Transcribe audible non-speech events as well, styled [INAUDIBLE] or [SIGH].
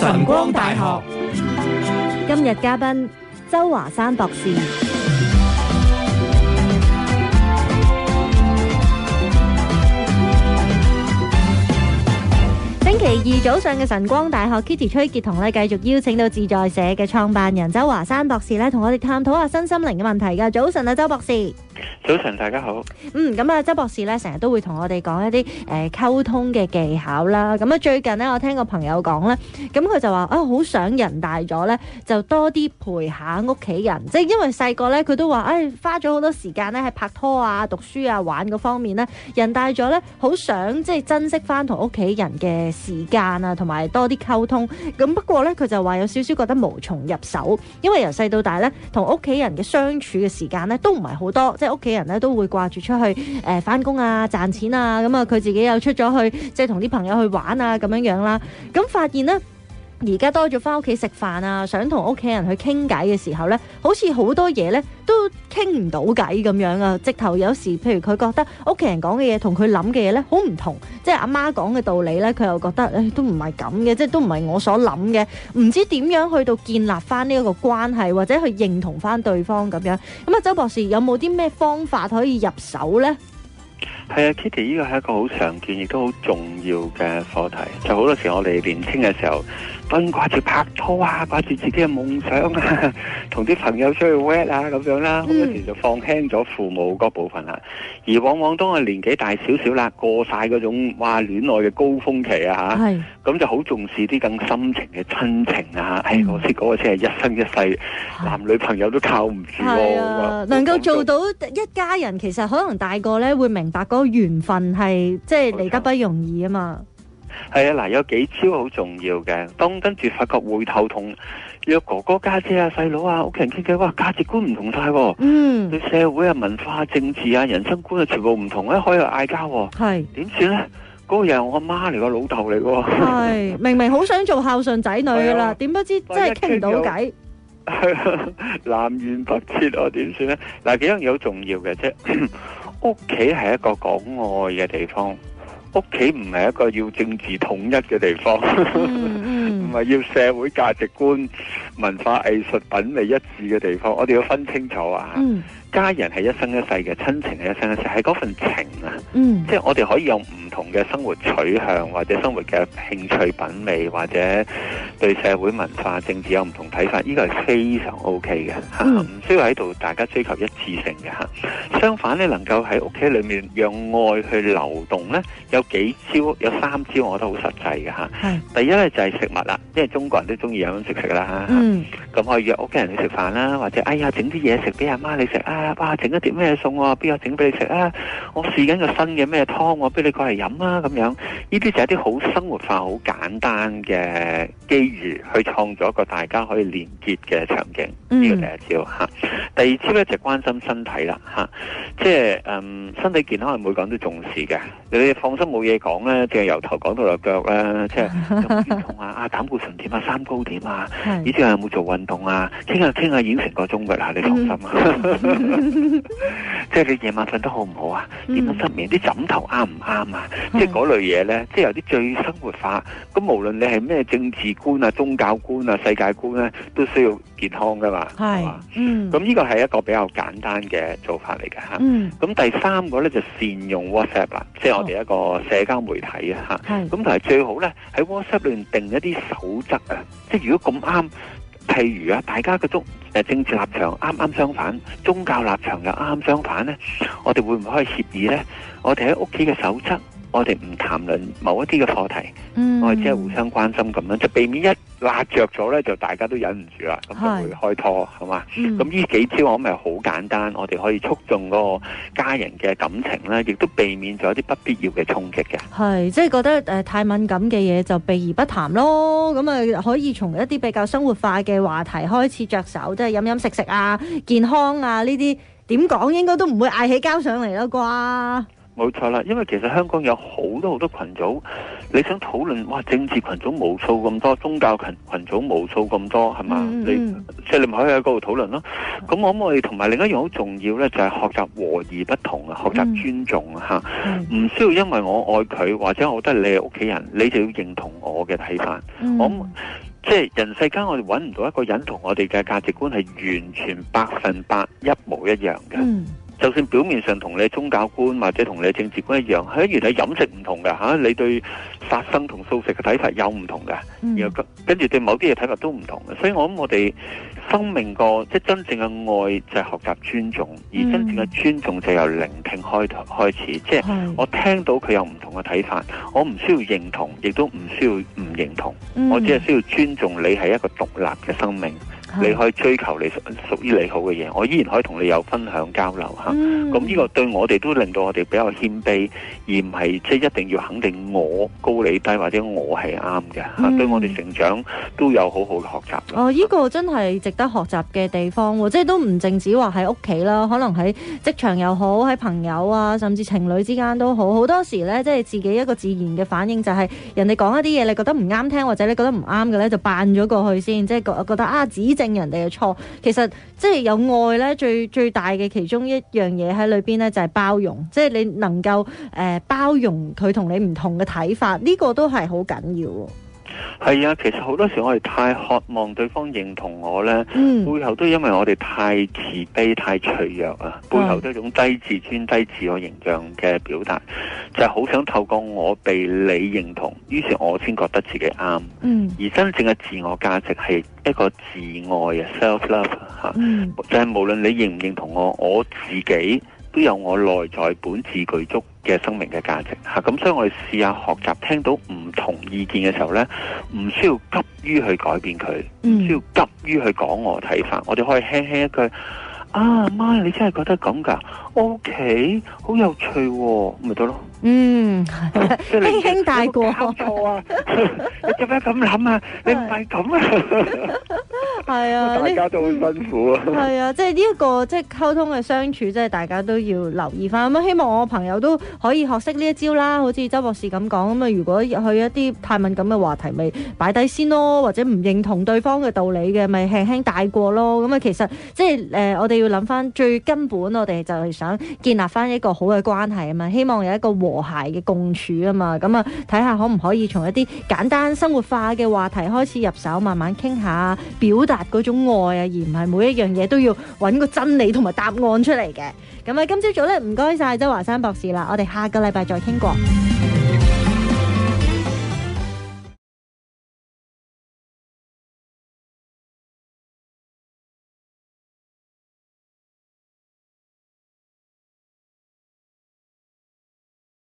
晨光大學今日嘉賓周華山博士。 [MUSIC] 星期二早上嘅晨光大學，Kitty 崔杰同你繼續邀請到自在社嘅創辦人周華山博士咧，同我哋探討下身心靈嘅問題㗎。早晨啊，周博士。早晨，大家好。嗯，咁啊，周博士咧成日都會同我哋講一啲誒溝通嘅技巧啦。咁、嗯、啊，最近咧我聽個朋友講咧，咁、嗯、佢就話啊，好想人大咗咧就多啲陪下屋企人，即係因為細個咧佢都話，誒、哎、花咗好多時間咧喺拍拖啊、讀書啊、玩嗰方面咧。人大咗咧，好想即係珍惜翻同屋企人嘅時間啊，同埋多啲溝通。咁、嗯、不過咧，佢就話有少少覺得無從入手，因為由細到大咧同屋企人嘅相處嘅時間咧都唔係好多，即係。屋企人咧都會掛住出去誒，翻工啊、賺錢啊，咁啊佢自己又出咗去，即係同啲朋友去玩啊咁樣樣啦，咁發現咧。而家多咗翻屋企食飯啊，想同屋企人去傾偈嘅時候呢，好似好多嘢，呢都傾唔到偈咁樣啊！直頭有時，譬如佢覺得屋企人講嘅嘢同佢諗嘅嘢呢好唔同，即係阿媽講嘅道理呢，佢又覺得誒都唔係咁嘅，即係都唔係我所諗嘅，唔知點樣去到建立翻呢一個關係，或者去認同翻對方咁樣。咁啊，周博士有冇啲咩方法可以入手呢？係啊，Kitty，呢個係一個好常見亦都好重要嘅課題。就好多時我哋年輕嘅時候。奔掛住拍拖啊，掛住自己嘅夢想啊，同 [LAUGHS] 啲朋友出去玩啊，咁樣啦，好多、嗯、時就放輕咗父母嗰部分啦、啊。而往往當我年紀大少少啦，過晒嗰種哇戀愛嘅高峰期啊，吓是，咁就好重視啲更深情嘅親情啊。唉、嗯哎，我識嗰個先係一生一世，男女朋友都靠唔住咯、啊。啊、能夠做到一家人，其實可能大個咧會明白嗰個緣分係即係嚟得不容易啊嘛。係啊，嗱有幾招好重要嘅，當跟住發覺回頭同約哥哥、姐姐弟弟家姐啊、細佬啊、屋企人傾偈，哇價值觀唔同晒，嗯，對社會啊、文化、政治啊、人生觀啊，全部唔同，一開又嗌交，係點算咧？嗰又、那個、係我阿媽嚟，個老豆嚟，係明明好想做孝順仔女噶啦，點的不知真係傾唔到偈， [LAUGHS] 南轅北轍啊，點算咧？嗱幾樣嘢好重要嘅，即係屋企係一個講愛嘅地方。屋企唔係一個要政治統一嘅地方，唔係要社會價值觀、文化藝術品味一致嘅地方。我哋要分清楚啊！家人係一生一世嘅，親情係一生一世，係嗰份情啊！即係、嗯、我哋可以有唔同嘅生活取向，或者生活嘅興趣品味，或者對社會文化政治有唔同睇法，呢個係非常 OK 嘅，唔需要喺度大家追求一致性嘅吓。相反咧，你能夠喺屋企裏面讓愛去流動咧，有幾招？有三招，我覺得好實際嘅嚇。是第一咧就係、是、食物啦，因為中國人都中意飲飲食食啦。嗯，咁可以約屋企人去食飯啦，或者哎呀整啲嘢食俾阿媽，媽你食啊，哇整一碟咩餸喎，邊有整俾你食啊？我試緊個新嘅咩湯，我俾你過嚟飲啊？咁樣呢啲就係啲好生活化、好簡單嘅機遇，去創造一個大家可以連結嘅場景。呢個、嗯、第一招嚇。第二招咧就關心身體啦嚇，即係嗯身體健康係每個人都重視嘅，你放心。冇嘢講咧，淨係由頭講到落腳啦，即係有冇運動啊？啊，膽固醇點啊？三高點啊？以前有冇做運動啊？傾下傾下，演成個鐘噶啦，你放心、mm. 啊！即係你夜晚瞓得好唔好啊？點樣失眠？啲枕頭啱唔啱啊？即係嗰類嘢咧，即係有啲最生活化。咁無論你係咩政治觀啊、宗教觀啊、世界觀咧，都需要健康噶嘛。係。嗯。咁呢、mm. 啊、個係一個比較簡單嘅做法嚟嘅嚇。咁第三個咧就善用 WhatsApp 啦，即係我哋一個。社交媒體啊，吓是，咁同埋最好咧，喺 WhatsApp 裏面定一啲守則啊，即係如果咁啱，譬如啊，大家嘅宗誒政治立場啱啱相反，宗教立場又啱啱相反咧，我哋會唔會可以協議咧？我哋喺屋企嘅守則。我哋唔談論某一啲嘅課題，嗯、我哋只係互相關心咁樣，就避免一辣着咗咧，就大家都忍唔住啦，咁是就會開拖係嘛。咁呢、嗯、幾招我咪好簡單，我哋可以促進嗰個家人嘅感情咧，亦都避免咗一啲不必要嘅衝擊嘅。係，即係覺得誒、呃、太敏感嘅嘢就避而不談咯。咁啊，可以從一啲比較生活化嘅話題開始着手，即係飲飲食食啊、健康啊呢啲，點講應該都唔會嗌起交上嚟啦啩。冇錯啦，因為其實香港有好多好多群組，你想討論哇，政治群組無數咁多，宗教群群組無數咁多，係嘛？Mm hmm. 你即係、就是、你咪可以喺嗰度討論咯。咁、嗯、我諗我哋同埋另一樣好重要咧，就係、是、學習和而不同啊，學習尊重吓，唔、mm hmm. 需要因為我愛佢或者我覺得你係屋企人，你就要認同我嘅睇法。Mm hmm. 我即係、就是、人世間我哋揾唔到一個人同我哋嘅價值觀係完全百分百一模一樣嘅。Mm hmm. 就算表面上同你宗教觀或者同你政治觀一樣，吓，原來飲食唔同嘅，吓，你對殺生同素食嘅睇法有唔同嘅，然後跟跟住對某啲嘢睇法都唔同嘅。所以我諗我哋生命過即係真正嘅愛就係學習尊重，而真正嘅尊重就由聆聽開開始。即係我聽到佢有唔同嘅睇法，我唔需要認同，亦都唔需要唔認同，我只係需要尊重你係一個獨立嘅生命。你可以追求你屬於你好嘅嘢，我依然可以同你有分享交流吓，咁呢、嗯、個對我哋都令到我哋比較謙卑，而唔係即係一定要肯定我高你低或者我係啱嘅，吓，對我哋成長都有好好嘅學習哦，呢、這個真係值得學習嘅地方，即係都唔淨止話喺屋企啦，可能喺職場又好，喺朋友啊，甚至情侶之間都好，好多時咧，即係自己一個自然嘅反應就係、是、人哋講一啲嘢，你覺得唔啱聽或者你覺得唔啱嘅咧，就扮咗過去先，即係覺覺得啊，正人哋嘅錯，其實即係有愛咧，最最大嘅其中一樣嘢喺裏邊咧，就係、是、包容，即係你能夠誒、呃、包容佢同你唔同嘅睇法，呢、這個都係好緊要。係啊，其實好多時我哋太渴望對方認同我呢。嗯、背後都因為我哋太自卑、太脆弱啊，背後都一種低自尊、嗯、低自我形象嘅表達，就係、是、好想透過我被你認同，於是我先覺得自己啱。嗯、而真正嘅自我價值係一個自愛 Self love, 啊，self love 吓，嗯、就係無論你認唔認同我，我自己都有我內在本自具足。嘅生命嘅價值吓，咁、啊、所以我哋試下學習，聽到唔同意見嘅時候呢，唔需要急於去改變佢，唔需要急於去講我嘅睇法，嗯、我哋可以輕輕一句：啊媽，你真係覺得咁噶？OK，好有趣，哦，咪得咯。嗯，輕輕帶過，冇錯啊！你做咩咁諗啊？你唔係咁啊？係啊，大家都會辛苦啊。係啊，即係呢一個即係溝通嘅相處，即係大家都要留意翻。咁希望我朋友都可以學識呢一招啦，好似周博士咁講。咁啊，如果去一啲太敏感嘅話題咪擺低先咯，或者唔認同對方嘅道理嘅，咪輕輕帶過咯。咁啊，其實即係誒我哋要諗翻最根本，我哋就係想建立翻一個好嘅關係啊嘛。希望有一個和諧嘅共處啊嘛。咁啊，睇下可唔可以從一啲簡單生活化嘅話題開始入手，慢慢傾下表達。嗰種愛啊，而唔係每一樣嘢都要揾個真理同埋答案出嚟嘅。咁啊，今朝早咧，唔該晒周華山博士啦，我哋下個禮拜再傾過。